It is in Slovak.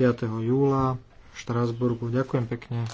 5. júla v Štrásburgu. Ďakujem pekne.